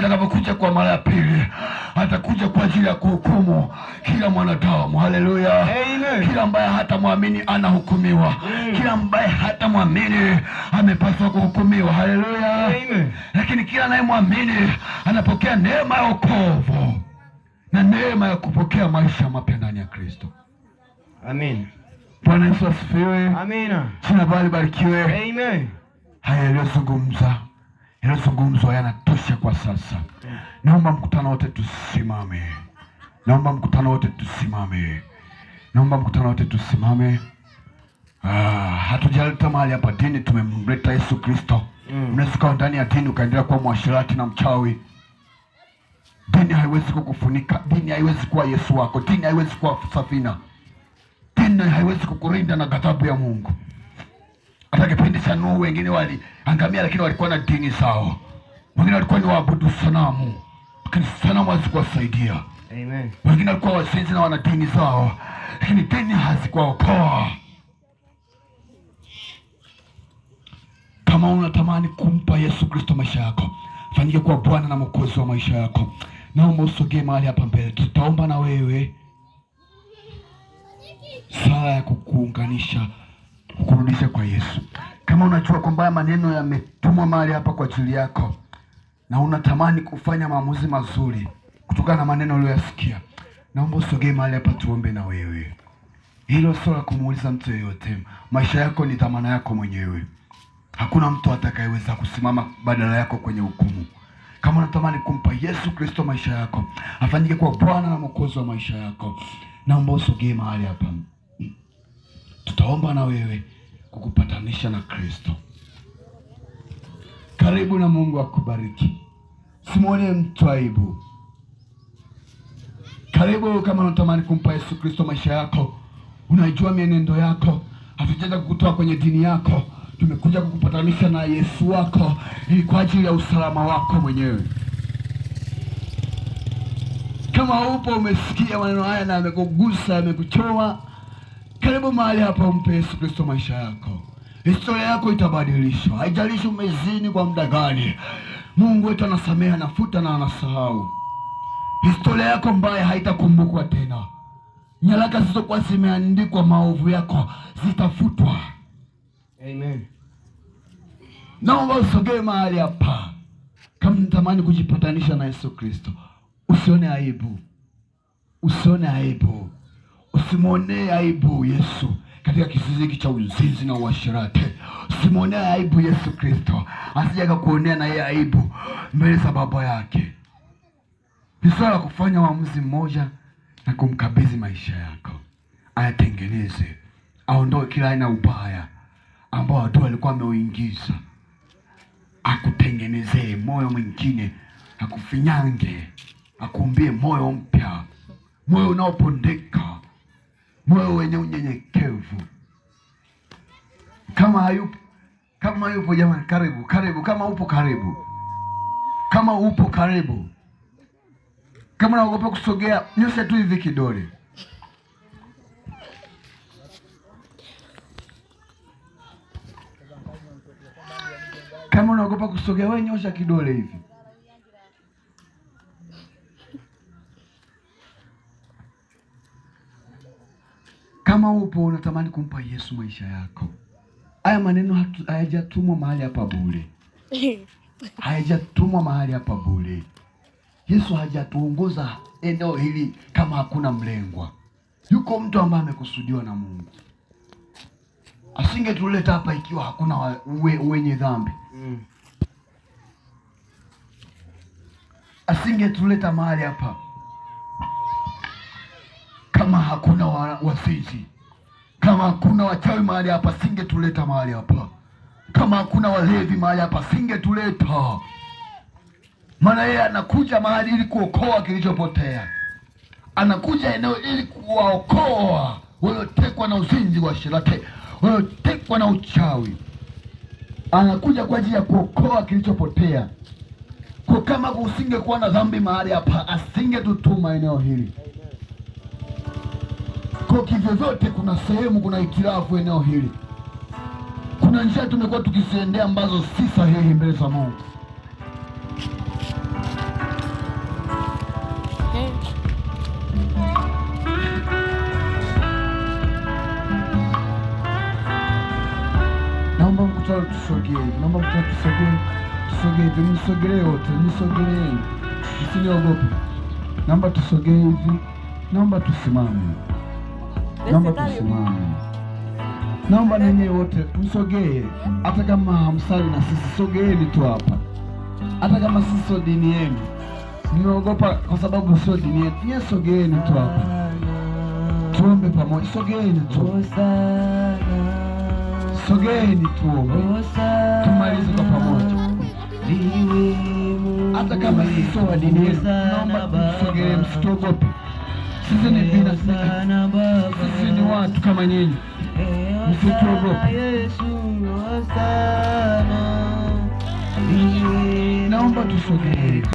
lakini atakapokuja kwa mara ya pili atakuja kwa ajili ya kuhukumu kila mwanadamu. Haleluya! Kila ambaye hatamwamini anahukumiwa, kila ambaye hatamwamini amepaswa kuhukumiwa. Haleluya! Lakini kila anayemwamini anapokea neema ya wokovu na neema ya kupokea maisha mapya ndani ya Kristo. Amin. Bwana Yesu asifiwe. Amina. Jina bali barikiwe. Amen. Haya aliyozungumza yanazungumzwa yanatosha kwa sasa. Naomba mkutano wote tusimame, naomba mkutano wote tusimame, naomba mkutano wote tusimame. Ah, hatujaleta mahali hapa dini, tumemleta Yesu Kristo. Mm. Unaweza kuwa ndani ya dini ukaendelea kuwa mwashirati na mchawi. Dini haiwezi kukufunika, dini haiwezi kuwa Yesu wako, dini haiwezi kuwa safina, dini haiwezi kukurinda na ghadhabu ya Mungu. Hata kipindi cha Nuhu wengine waliangamia, lakini walikuwa na dini zao. Wengine walikuwa ni waabudu sanamu, lakini sanamu hazikuwasaidia. Amen. Wengine walikuwa wasinzi na wana dini zao, lakini dini hazikuwaokoa. Kama unatamani kumpa Yesu Kristo maisha yako, fanyike kuwa Bwana na Mwokozi wa maisha yako. Naomba usogee mahali hapa mbele, tutaomba na wewe sala ya kukuunganisha kurudisha kwa Yesu. Kama unajua kwamba maneno yametumwa mahali hapa kwa ajili yako na unatamani kufanya maamuzi mazuri kutokana na maneno uliyoyasikia, naomba usogee mahali hapa tuombe na wewe. Hilo sio la kumuuliza mtu yeyote. Maisha yako ni dhamana yako mwenyewe. Hakuna mtu atakayeweza kusimama badala yako kwenye hukumu. Kama unatamani kumpa Yesu Kristo maisha yako, afanyike kwa Bwana na Mwokozi wa maisha yako, naomba usogee mahali hapa nitaomba na wewe kukupatanisha na Kristo. Karibu na Mungu akubariki, simwonee mtu aibu. Karibu kama unatamani kumpa Yesu Kristo maisha yako, unajua mienendo yako, hatujaja kukutoa kwenye dini yako, tumekuja kukupatanisha na Yesu wako ili kwa ajili ya usalama wako mwenyewe. Kama upo umesikia maneno haya na amekugusa, amekuchoa karibu mahali hapa, umpe Yesu Kristo maisha yako. Historia yako itabadilishwa, haijalishi umezini kwa muda gani. Mungu wetu anasamehe, anafuta na anasahau. Historia yako mbaya haitakumbukwa tena. Nyaraka zilizokuwa zimeandikwa maovu yako zitafutwa. Amen. Naomba usogee mahali hapa, kama natamani kujipatanisha na Yesu Kristo. Usione aibu, usione aibu usimwonee aibu Yesu katika hiki cha uzinzi na uasherati. simwonee aibu Yesu Kristo, asije akakuonea na yeye aibu mbele za Baba yake. Ni swala la kufanya uamuzi mmoja na kumkabidhi maisha yako, ayatengeneze, aondoe kila aina ubaya ambao watu alikuwa ameuingiza, akutengenezee moyo mwingine, akufinyange, akuumbie moyo mpya, moyo unaopondeka moyo wenye unyenyekevu. Kama hayupo kama yupo jamani, karibu karibu. Kama upo karibu, kama upo karibu, kama naogopa kusogea, nyosha tu hivi kidole. Kama unaogopa kusogea, we nyosha kidole hivi. Kama upo unatamani kumpa Yesu maisha yako, haya maneno hayajatumwa mahali hapa bure, hayajatumwa mahali hapa bure. Yesu hajatuongoza eneo hili kama hakuna mlengwa. Yuko mtu ambaye amekusudiwa na Mungu. Asingetuleta hapa ikiwa hakuna we, wenye dhambi mm. Asingetuleta mahali hapa kama hakuna wasizi, kama hakuna wachawi mahali hapa singetuleta mahali hapa, kama hakuna walevi mahali hapa singetuleta. Maana yeye anakuja mahali ili kuokoa kilichopotea, anakuja eneo ili kuwaokoa waliotekwa na uzinzi wa shirate, waliotekwa na uchawi. Anakuja kwa ajili ya kuokoa kilichopotea. Kwa kama usingekuwa na dhambi mahali hapa, asingetutuma eneo hili. Kwa kivyovyote, kuna sehemu, kuna hitilafu eneo hili, kuna njia tumekuwa tukiziendea ambazo si sahihi mbele za Mungu. Naomba mkutano tusogee, naomba mkutano tusogee, tusogee, tumsogelee wote, msogelee, msiniogope. Naomba tusogee hivi, naomba tusimame. Naomba tusimame, naomba ninyi wote msogee, hata kama hamsali na sisi, sogeeni tu hapa, hata kama sisi sio dini yenu, mmeogopa kwa sababu sio dini yetu, nye sogeeni tu hapa, tuombe pamoja, sogeeni tu, sogeeni tuombe, tumalize kwa pamoja, hata kama sisi sio dini yenu, naomba msogee, msitogope. Sisi ni binadamu, sisi ni watu kama nyinyi, ee, msituogope. Ee, naomba tusogee.